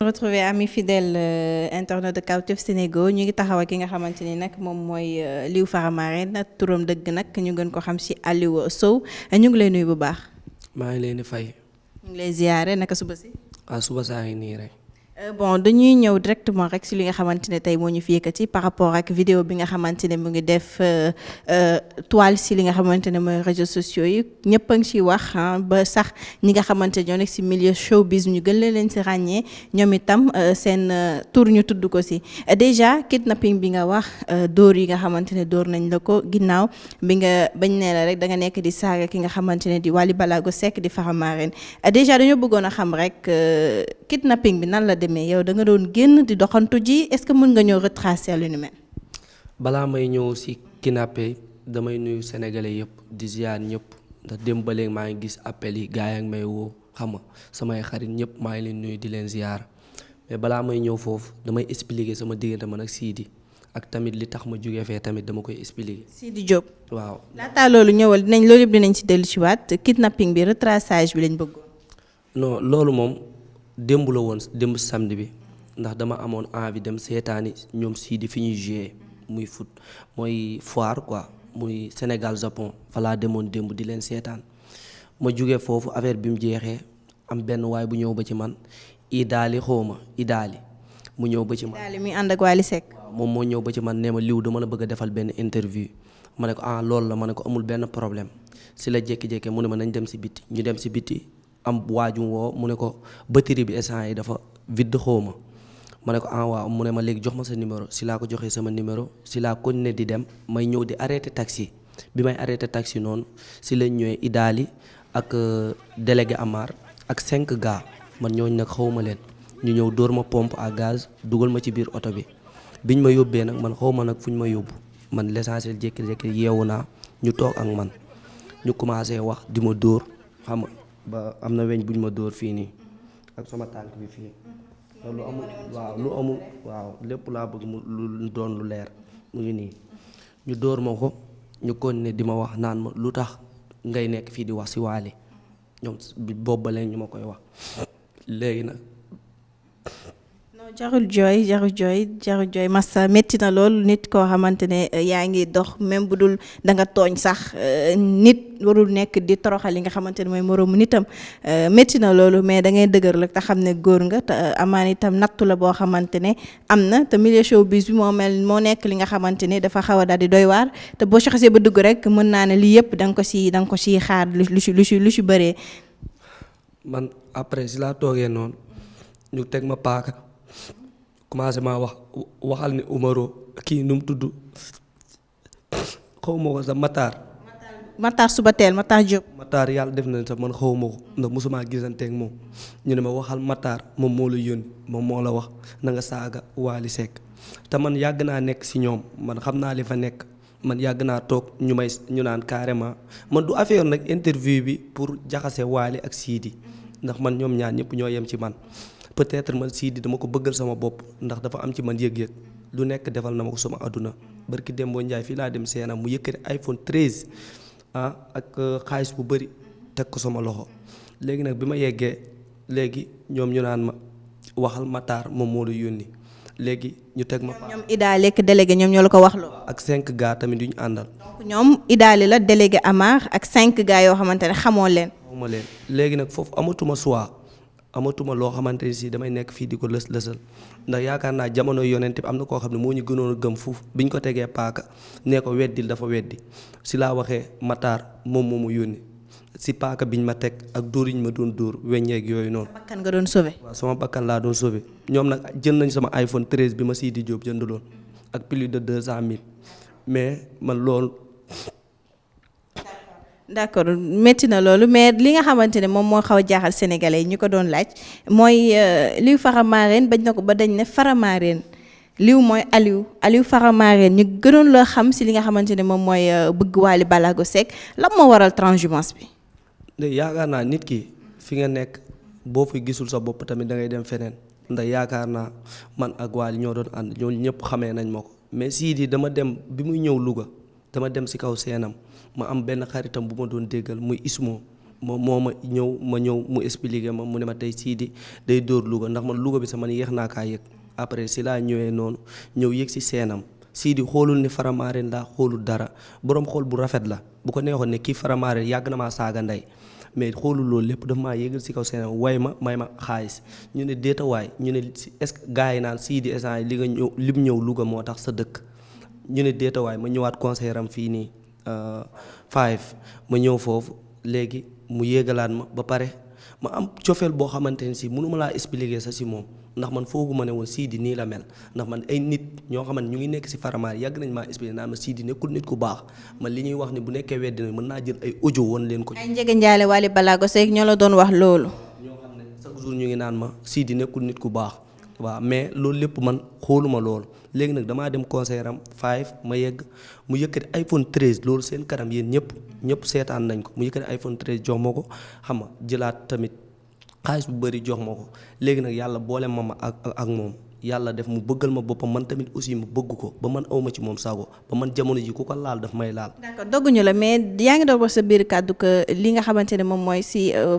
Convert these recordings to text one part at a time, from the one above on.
retrouver ami fidèle euh, internet de Kawtef Sénégo ñu ngi taxaw ki nga xamante ni nag moom mooy euh, Liw Faramareen turam dëgg nag ñu gën ko xam ci Aliou Sow ñu ngi lay nuyu bu baax. maa ngi leen di fay. ñu ngi lay ziyaare naka suba si. waaw ah, suba saa ngi nii rek. Euh, bon dañuy ñëw directement rek si li nga xamante ne tey moo ñu fi ci par rapport ak vidéo bi nga xamante ne mu ngi def euh, euh, toile si li nga xamante ne mooy réseaux sociaux yi ñëpp a ngi ciy wax ba sax ñi nga xamante ñoo nekk si milieu showbiz ñu gën leen si ràññee ñoom itam seen tour ñu tudd ko si déjà kidnapping bi nga wax dóor yi nga xamante ne dóor nañ la ko ginnaaw bi nga bañ nee la rek da nga nekk di saaga ki nga xamante ne di Wally Ballago Seck di Fara Marine déjà dañoo bëggoon a xam rek kidnapping bi nan la. demee yow da nga doon génn di doxantu ji est-ce que mën nga ñëw retracer lu ni mel. balaa may ñëw si kidnappé damay nuyu sénégalais yëpp di ziar ñëpp ndax démb ba léegi maa ngi gis appel yi gars yi may woo xam nga samay xarit ñëpp maa ngi leen nuyu di leen ziar mais balaa may ñëw foofu damay expliquer sama diggante man ak Sidi. ak tamit li tax ma jógee fee tamit dama koy expliquer. Sidi Diop waaw. laataa loolu ñëwal dinañ loolu yëpp dinañ ci dellusiwaat kidnapping bi retraçage bi loolu moom démb la woon démb samedi bi ndax dama amoon envie dem seetaani ñoom sii di fi ñuy joué muy foot mooy foire quoi muy Sénégal Japon falaa demoon démb di leen seetaan ma jóge foofu affaire bi mu jeexee am benn waay bu ñëw ba ci man idaali xawma idaali mu ñëw ba ci man idaali mi ànd ak moom moo ñëw ba ci man nee ma liw dama la bëgg defal benn interview ma ne ko ah loolu la ma ne ko amul benn problème si la jékki-jékki mu ne ma nañ dem si bitti ñu dem si bitti am waajum woo mu ne ko batterie bi essence yi dafa vidde xawma ma ne ko ah waaw mu ne ma léegi jox ma sa numéro si laa ko joxee sama numéro si laa ne di dem may ñëw di arrêté taxi bi may arrêté taxi noonu si lañ ñëwee Idaali ak euh, délégué Amar ak cinq gars man ñooñu nag xawma leen ñu ñëw dóor ma pompe à gaz dugal ma ci biir oto bi biñ ma yóbbee nag man xawma nag fu ñu ma yóbbu man l'essentiel jékki-jékki yeewu naa ñu toog ak man ñu commencé wax di ma dóor ba am na weñ buñ ma dóor fii nii ak sama tànk bi fii mm-hmm. lu amul waaw lu amul waaw lépp laa bëgg mu mm-hmm. doon lu leer mu ngi nii mm-hmm. ñu dóor ma ko ñu ne di ma wax naan ma lu tax ngay nekk fii di wax si waale ñoom boobu ñu ma koy wax léegi nag Euh, jarul jooy jarul joy jarul jooy massa euh, métti na lool nit koo xamante ne euh, yaa ngi dox même bu dul da nga tooñ sax nit warul nekk di toroxal li nga xamante ne mooy moroomu nitam métti na loolu mais da ngay dëgër la te xam ne góor nga amaan itam nattu boo xamante ne am na te milieu showbiz moo mel moo nekk li nga xamante ne dafa xaw a daal di doy waar te boo si xasee ba dugg rek mën naa ne lii yëpp danga ko si da ko siy xaar lu si lu si lu si bëree. man après si laa toogee noonu ñu teg ma paaka. commencé maa wax waxal ne Umaro kii nu mu tudd xaw ma ko mataar Matar. Matar Subatel Matar Diop. Matar yàlla def na sax man xaw ma ko ndax mosuma gisante ak moom ñu ne ma waxal mataar moom moo la yónni moom moo la wax na saaga waali Seck te man yàgg naa nekk si ñoom man xam naa li fa nekk man yàgg naa toog ñu may ñu naan carrément man du affaire nag interview bi pour jaxase Waly ak siidi ndax man ñoom ñaan ñëpp ñoo yem ci man. peut-être man Sidy dama ko bëggal sama bopp ndax dafa am ci man yëg-yëg lu nekk defal na ma ko sama àdduna barki Dembo Ndiaye fii laa dem Sénam mu yëkkati iPhone 13 ah ak euh, xaalis bu bëri teg ko sama loxo léegi nag bi ma yeggee léegi ñoom ñu naan ma waxal ma taar moom moo la yónni léegi ñu teg ma. ñoom Ida lekk délégué ñoom ñoo la ko wax loo. ak cinq gars tamit yu ñu àndal. donc ñoom Idaali la délégué Amar ak 5 gars yoo xamante ne xamoo leen. xamoo leen léegi nag foofu amatuma choix amatuma loo xamante ni si damay nekk fii di ko lës lësal ndax yaakaar naa jamono yonent bi am na koo xam ne moo ñu gënoon a gëm fuuf biñ ko tegee paaka nee ko weddil dafa weddi si laa waxee mataar moom moom moomu yónni si paaka bi biñ ma teg ak dóor ma doon dóor weññeeg yooyu noonu. bakkan nga doon sauvé. waaw sama bakkan laa doon sauvé ñoom nag jël nañ sama iPhone 13 bi ma siy di jóob jëndaloon ak plus de 200000 mais man loolu. d' accord métti na loolu mais li nga xamante ne moom moo xaw jaaxal sénégalais yi ñu ko doon laaj mooy euh, liw Faramareen bañ na ko ba dañ ne Faramareen liw mooy Aliou Aliou Faramareen ñu gënoon loo xam si li nga xamante ne moom mooy euh, bëgg Wally Ballago Seck lan moo waral transhumance bi. ndax yaakaar naa nit ki fi nga nekk boo fi gisul sa bopp tamit da dem feneen ndax yaakaar naa man ak Wally ñoo doon ànd ñooñu ñëpp xamee nañ ma ko mais sii di dama dem bi muy ñëw Louga. dama dem si kaw seenam ma am benn xaritam bu ma doon déggal muy Ismo moom moo ma ñëw ma ñëw mu expliqué ma mu ne ma tey Sidy day dóor Louga ndax man Louga bi sama man yéex naa kaa yëg après si laa ñëwee noonu ñëw yëg si seenam Sidy xoolul ni faramaaren laa xoolul dara borom xool bu rafet la bu ko neexoon ne kii faramaaren yàgg na maa saaga ndey mais xoolul loolu lépp dafa maa yéegal si kaw seenam way ma may ma xaalis ñu ne déeta waay ñu ne est-ce gars yi naan Sidy instant li nga ñëw Louga moo tax sa dëkk ñu ne déetawaay ma ñëwaat conseiller am fii nii euh, five ma ñëw foofu léegi mu yéegalaat ma ba pare ma am cofeel boo xamante ne si mënuma laa expliquer sa si moom ndax man fooguma ne woon Sidi nii la mel ndax man ay nit ñoo xaman ñu ngi nekk si faramaar yàgg nañ maa expliqué naan ma Sidi nekkul nit ku baax man li ñuy wax bu nekkee weddi mën naa jël ay audio woon leen ko. ay njëgënjaale Wally Ballago Seck ñoo la doon wax loolu. ñoo xam ñu ngi naan ma Sidi nekkul nit ku baax. waaw mais loolu lépp man xooluma loolu léegi nag damaa dem concert am five ma yegg mu yëkkati iPhone 13 loolu seen kanam yéen ñëpp ñëpp seetaan nañ ko mu yëkkati iPhone 13 jox ma ko xam ma jëlaat tamit xaalis bu bëri jox ma ko léegi nag yàlla boole ma ma ak ak moom yàlla def mu bëggal ma boppam man tamit aussi mu bëgg ko ba man awma ci moom sago ba man jamono ji ku ko laal daf may laal. d'accord dogguñu la mais yaa ngi doon wax sa biir kàddu que li nga xamante ne moom mooy si euh,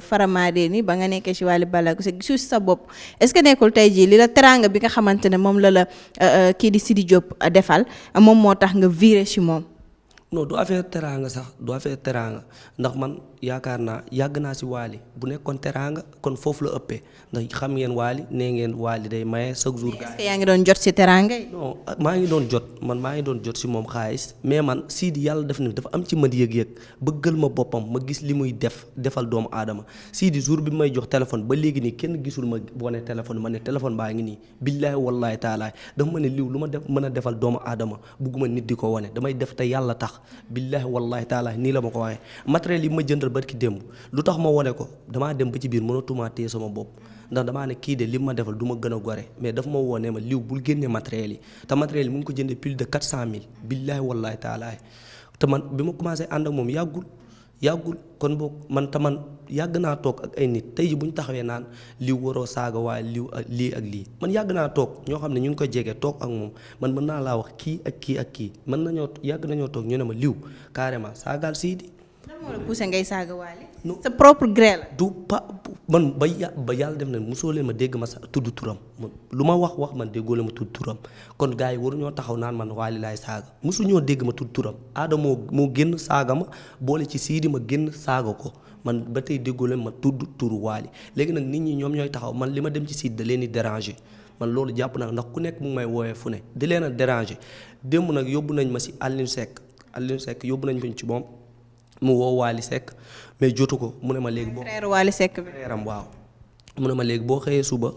ba nga nekkee si wàllu si su sa bopp est-ce que nekkul tey jii li la teraanga bi nga xamante ne moom la la euh, euh, kii di Sidi Diop defal moom moo tax nga viré si moom. non du affaire teraanga sax du affaire teraanga ndax man. yaakaar naa yàgg naa si waali bu nekkoon teraanga kon foofu la ëppee ndax xam ngeen waali nee ngeen waali day maye chaque jour. est-ce si teraanga yi. non maa ngi doon jot man maa ngi doon jot si moom xaalis mais man Sidy yàlla def na dafa am ci man yëg-yëg gël ma boppam ma gis li muy def defal doomu aadama di jour bi may jox téléphone ba léegi nii kenn gisul ma wane téléphone ma ne téléphone baa ngi nii billaahi wallaahi taalaay dafa ma ne liw lu ma def mën a defal doomu aadama bugguma nit di ko wane damay def te yàlla tax billaahi wallaahi taalaay nii Sénégal barki démb lu tax ma wone ko damaa dem ba ci biir mënatuma téye sama bopp ndax damaa ne kii de li ma defal du ma gën a gore mais daf ma wone ma liw bul génne matériel yi te matériel yi mu ngi ko jënde plus de 400000 billaahi wallaahi taalaay te man bi ma commencé ànd ak moom yàggul yàggul kon boog man te man yàgg naa toog ak ay nit tey ji bu ñu taxawee naan liw waroo saaga waaye liw ak lii ak lii man yàgg naa toog ñoo xam ne ñu ngi ko jege toog ak moom man mën naa laa wax kii ak kii ak kii mën nañoo yàgg nañoo toog ñu ne ma liw moo la poussé ngay saaga waale. sa propre gré la. du pa man ba yà ba yàlla def na mosoo leen ma dégg ma sa tudd turam man lu ma wax wax man déggoo leen ma tudd turam kon gars yi waruñoo taxaw naan man waali laay saaga mosuñoo dégg ma tudd aada moo moo génn saaga ma boole ci siidi ma génn saaga ko man ba tey déggoo leen ma tudd turu waali léegi nag nit ñi ñoom ñooy taxaw man li ma dem ci siidi da leen di déranger. man loolu jàpp naa ndax ku nekk mu may woowee fu ne di leen a déranger démb nag yóbbu nañ ma si Alioune Seck Alioune Seck yóbbu nañ ma ci moom mu wow Waly Seck mais jotu ko mu ne ma léegi. boo frère Waly Seck bi waaw. mu ne ma léegi boo xëyee suba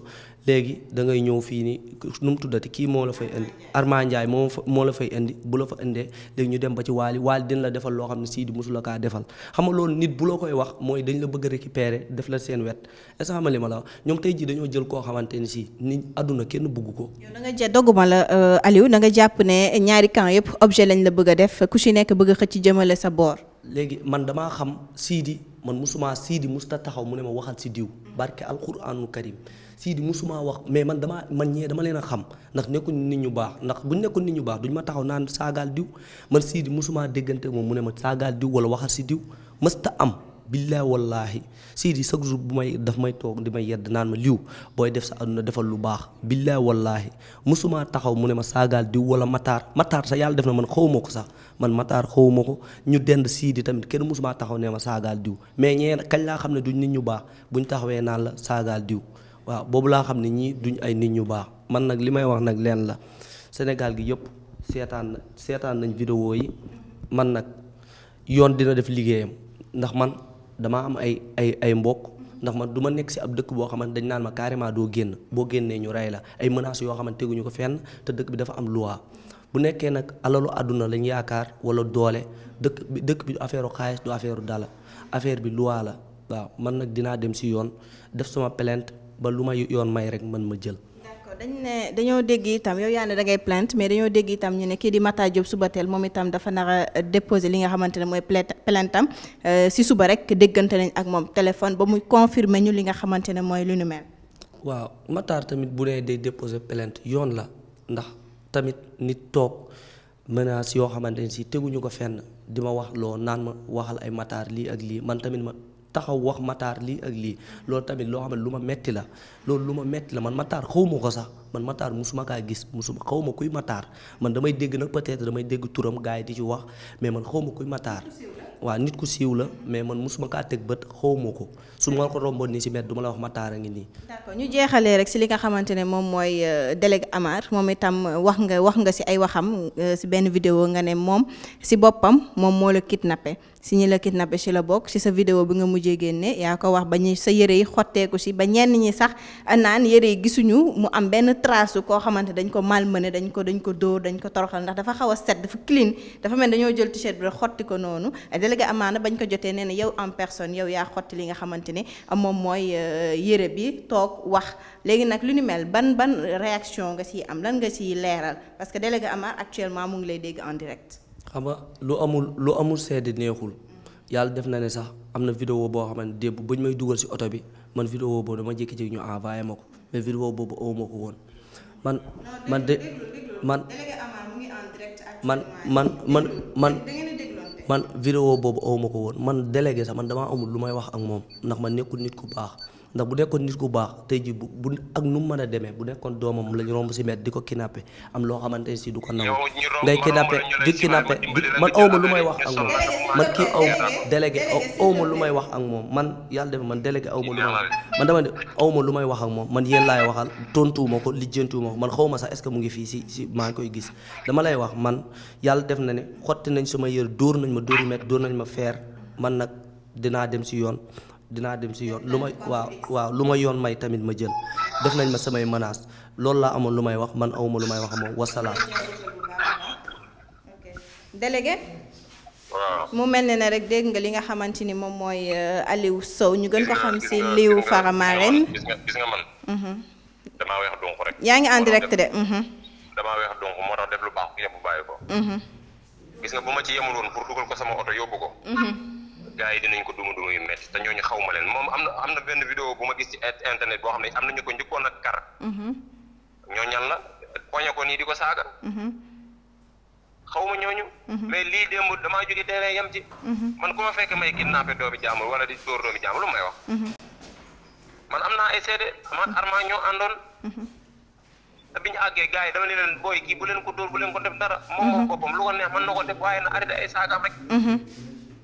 léegi da ngay ñëw fii nii nu mu tuddati kii moo la fay indi Arma Ndiaye moo moo la fay indi bu la fa indee léegi ñu dem ba ci Waly Waly dina la defal loo xam ne Sidi mosu la kaa defal xam nga loolu nit bu la koy wax mooy dañ la bëgg a récupérer def la seen wet est ce ma la ñoom tey jii dañoo jël koo xamante ni si nit àdduna kenn bëgg ko. yow da nga jë doguma la euh, Aliou da nga jàpp ne ñaari camp yëpp objet lañ la bëgg def ku si nekk bëgg a xëcc jëmale sa boor. léegi man damaa xam siidi man musuma siidi musta taxaw mu ne ma waxal si diw barke alquraanu karim siidi musuma wax mais man damaa man ñee dama leen a xam ndax nekkuñ nit ñu baax ndax bu nekkuñ nit ñu baax duñ ma taxaw naan saagaal diw man siidi musuma déggante moom mu ne ma saagaal diw wala waxal si diw mësta am billaa wallaahi Sidi chaque jour bu may daf may toog di may yedd naan ma liw booy def sa àdduna defal lu baax billaa wallaahi musuma taxaw mu ne ma saagaal diw wala mataar mataar sa yàlla def na man xawma ko sax man mataar xawuma ko ñu dend Sidi tamit kenn musuma taxaw ne ma saagaal diw mais ñeen kañ laa xam ne duñ nit ñu baax buñ taxawee naan la saagaal diw waaw boobu laa xam ne ñii duñ ay nit ñu baax man nag li may wax nag leen la Sénégal gi yëpp seetaan na seetaan nañ vidéo yi man nag yoon dina def liggéeyam damaa am ay ay ay mbokk ndax ma du ma nekk si ab dëkk boo xamante dañ naan ma carrément doo génn boo génnee ñu rey la ay menaces yoo xamante ñu ko fenn te dëkk bi dafa am loi bu nekkee nag alalu àdduna lañ yaakaar wala doole dëkk bi dëkk bi du affaire u xaalis du affaire dala affaire bi loi la waaw man nag dinaa dem si yoon def sama plainte ba lu ma yoon may rek mën ma jël dañu ne dañoo dégg itam yow yàlla ne da ngay plainte mais dañoo dégg itam ñu ne kii di Matar Diop Soubatel moom itam dafa nar a euh, déposé li nga xamante ne mooy plainte am euh, si suba rek déggante nañ ak moom téléphone ba muy confirmer ñu li nga xamante ne mooy lu nu mel. waaw mataar tamit bu dee day déposé plainte yoon la ndax tamit nit toog menace yoo xamante ne si teguñu ko fenn di ma wax loo naan ma waxal ay Matar lii ak lii man tamit ma. taxaw wax mataar lii ak lii loolu tamit loo xam lu ma metti la loolu lu ma metti la man mataar xaw ma ko sax man Matar musuma kaa gis musuma xaw ma kuy Matar man damay dégg nag peut-être damay dégg turam gars yi di ci wax mais man xaw ma kuy Matar waaw nit ku siiw la mais man musuma kaa teg bët xaw ma ko su ma ko romboon nii si met du ma la wax Matar a ngi nii. ñu jeexalee rek si li nga xamante ne moom mooy euh, délégué Amar moom itam euh, wax nga wax nga si ay waxam euh, si benn vidéo nga ne moom si boppam moom moo la nappe si ñi la kidnappé si la bokk si sa vidéo bi nga mujjee génne yaa ko wax ba ñu sa yére yi xotteeku si ba ñenn ñi sax naan yére yi gisuñu mu am benn trace koo xamante dañ ko malmené dañ ko dañ ko dóor dañ ko toroxal ndax dafa xaw a set dafa clean dafa mel dañoo jël t-shirt bi rek xotti ko noonu délégué amaana bañ ko jotee nee na yow en personne yow yaa xotti li nga xamante ne moom mooy euh, yére bi toog wax léegi nag li ni mel ban ban réaction nga siy am lan nga siy leeral parce que délégué Amar actuellement mu ngi lay dégg en direct xam nga lu amul lu amul seede neexul yàlla def na ne sax am na vidéo boo xamante démb bañ may dugal si oto bi man vidéo boobu dama jékki-jékki ñu envoyé ma ko mais boobu aw ko woon man man de man man man man man man vidéo boobu aw ko woon man délégué sax man dama amul lu may wax ak moom ndax ma nekkul nit ku baax ndax bu nekkoon nit ku baax tey ji bu bu ak nu mu mën a demee bu nekkoon doomam lañ romb si met di ko kidnappé am loo xamante ne si du ko nangu ngay kidnappé di kidnappé man awma lu may wax ak moom man kii aw délégué awma lu may wax ak moom man yàlla def man délégué awma lu may wax man lu may wax ak moom man yéen laay waxal tontuwuma ko lijjantuwuma ko man xawma sax est ce que mu ngi fii si si maa ngi koy gis dama lay wax man yàlla na ne xotti nañ sama yër dóor nañ ma dóori met nañ ma feer man nag dinaa dem si yoon dinaa dem si yoon lu ma waaw waaw lu ma yoon may tamit ma jël def nañ ma samay menaces loolu laa amoon lu may wax man awma lu may wax moom wasalaam. délégué. mu mel ne na rek dégg nga li nga xamante ni moom mooy euh, Aliou Sow ñu gën ko xam si Liou Faramareen. gis mhm. yaa ngi en direct de. Mhm. gars yi dinañ ko duma duma yu métti te ñooñu xaw ma leen moom am na am na benn vidéo bu ma gis ci internet boo xam ne am na ñu ko njëkkoon ak kar. Mm-hmm. ñoo ñal la poñe ko ko saaga. Mm-hmm. ma ñooñu. Mm-hmm. mais lii démb damaa jóge terrain yam ci. man ku ma fekk may kidnappé doomi jàmbur wala di dóor doomi jàmbur lu may wax. ay seede man Arma ñoo àndoon. te bi ñu àggee yi dama ne leen booy kii bu leen ko dóor bu leen ko def dara. moom moom boppam lu ko neex na ko def waaye na arrêté ay saagaam rek.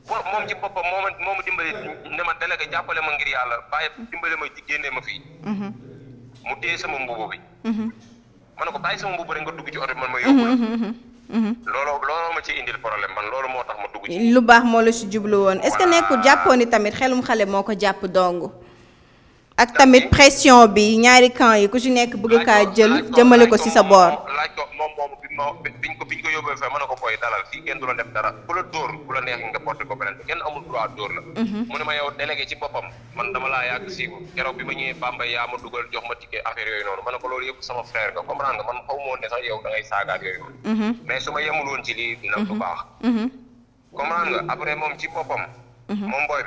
moom ci boppam moo ma moo ma dimbale ne ma délégué jàppale ngir yàlla bàyyi dimbale ma génnee ma fii. Mhm. mu téye sama mbubu bi. Mhm. ma ne ko bàyyi sama mbubu bi mhm, looloo ma ciy indil problème man loolu moo tax ma dugg lu baax moo la si jublu woon est-ce que nekkul jàppoon ni tamit xelum xale moo ko jàpp dong. ak tamit pression bi ñaari camp yi ku ci nekk bëgg kaa jël jëmale ko ci sa boor. moom moomu bi ma biñ ko biñ ko yóbbee fee mën na ko koy dalal fii kenn du la def dara ku la dóor ku la neex nga porté ko beneen kenn amul droit dóor la mhm. mu ne ma yow délégué ci boppam man dama laa yàgg siiku keroog bi ma ñëwee Bambey yaa ma dugal jox ma ticket affaire yooyu noonu ma ne ko loolu yëpp sama frère nga comprendre nga man xaw ma sax yow da ngay yooyu mhm. mais su ma yemul ci lii dina bu mhm. baax comprendre nga après moom ci boppam moom booy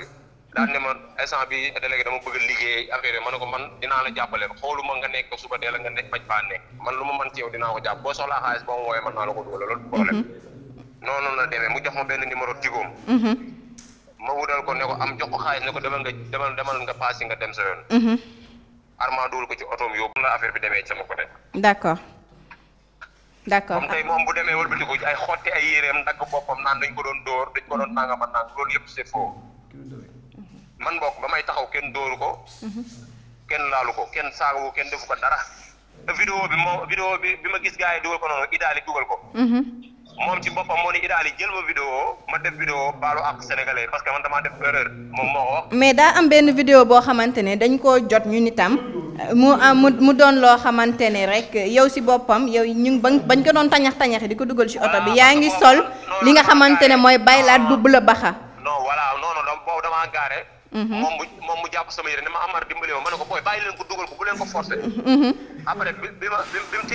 daal ne ma instant bi délégué dama bëgg liggéey affaire yi ma ne ko man dinaa la jàppale xooluma nga nekk suba dee la nga nekk faj faa man lu ma man ci yow dinaa ko jàpp boo soxlaa xaalis boo ma woowee mën naa mhm. demee mu jox ma benn numéro tigoom mhm. ma wutal ko ne ko am jox ko xaalis ne ko demal nga demal demal nga paas nga dem sa yoon mhm. Armand dugal ko ci otoom yoobu la affaire bi demee ci sama côté d'accord d'accord comme moom bu demee wëlbatiku ay xotti ay yéreem dagg boppam naan dañ ko doon dóor dañ ko doon man nang loolu yëpp c'est faux man bokk ba may taxaw kenn dóoru ko. kenn laalu ko kenn saagu ko kenn defu ko dara. te vidéo bi moo vidéo bi bi ma gis gars yi dugal ko noonu idaali dugal ko. Mhm. moom ci moo ni idaali jël ma vidéo ma def vidéo baalu ak sénégalais parce damaa def moom moo ko mais daa am benn vidéo boo xamante ne dañ koo jot ñu nitam mu am mu doon loo xamante ne rek yow si boppam yow ñu bañ ko doon tañax tañax di ko dugal si oto bi yaa ngi sol li nga xamante ne mooy baylaat bu bula baxa. non voilà non non boobu Mm-hmm. moom mu moom mu jàpp sama yére ne ma Amar dimbali ma ma ne ko booy ko dugal ko bu leen ko forcé mm-hmm. après bi man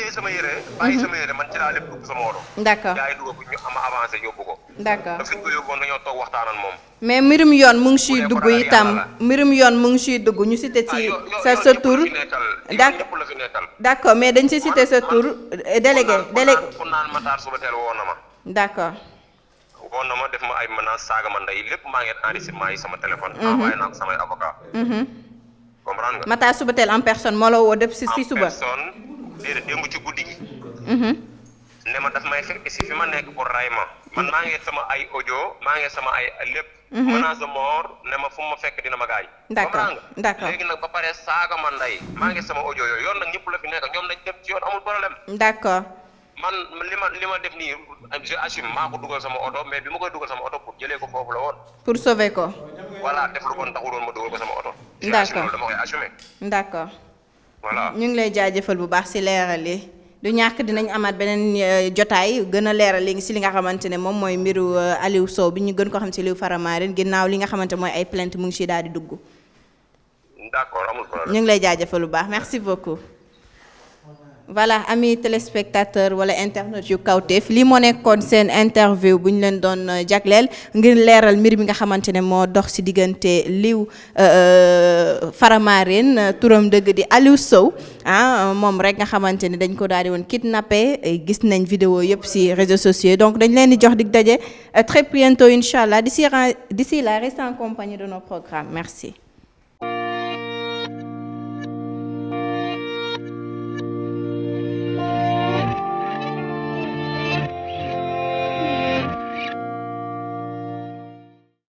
ci laa lépp dugg sama oto d'accord ko ñu ama avancé yóbbu waxtaan ak moom mais mbirum yoon mu ngi siy dugg itam mbirum yoon mu ngi siy dugg ñu cité ci ah, sa sa tur d'accord mais dañ si cité sa tur délégué délégué ku naan Matar suba teel na ma woo na ma def ma ay menaces saaga ma ndey lépp maa ngi enregistrement yi sama téléphone. Mhm. envoyé naa ko samay avocat mhm. comprendre nga. Matar Subatel en personne moo la woo def si suba. en personne déedéet ci guddi gi. Mhm. ne ma daf may fekk si fi ma nekk pour ray ma man maa ngi sama ay audio maa ngi sama ay lépp. menace de mort ne ma fu ma fekk dina ma gaañ. d'accord d'accord léegi man li def nii je maa ko dugal sama oto mais bi ma koy dugal sama oto pour jëlee ko foofu la woon. pour sauver ko. voilà def lu ko taxul woon ma dugal ko sama oto. d' accord dama koy assumer. d' accord. voilà ñu ngi lay jaajëfal bu baax si leeral yi du dinañ amaat beneen euh, jotaay gën a leeral léegi si li nga xamante ne moom mooy mbiru euh, Aliou Sow bi ñu gën ko xam si Aliou Faramareen ginnaaw li nga xamante mooy ay plainte mu ngi si daal di dugg. d' accord amul ngi lay jaajëfal bu baax merci beaucoup. voilà amis téléspectateurs wala internet yu Kawtef lii moo nekkoon seen interview bu leen doon euh, jagleel ngir leeral mbir mi nga xamante ne moo dox ci diggante liw euh, euh, Faramareen turam dëgg di Aliou Sow ah moom rek nga xamante ne dañ ko daal woon woon kidnappé gis nañ video yëpp ci réseaux sociaux donc dañ leen di jox dig daje très bientôt incha allah d'ici d'ici là restez en compagnie de nos programmes merci.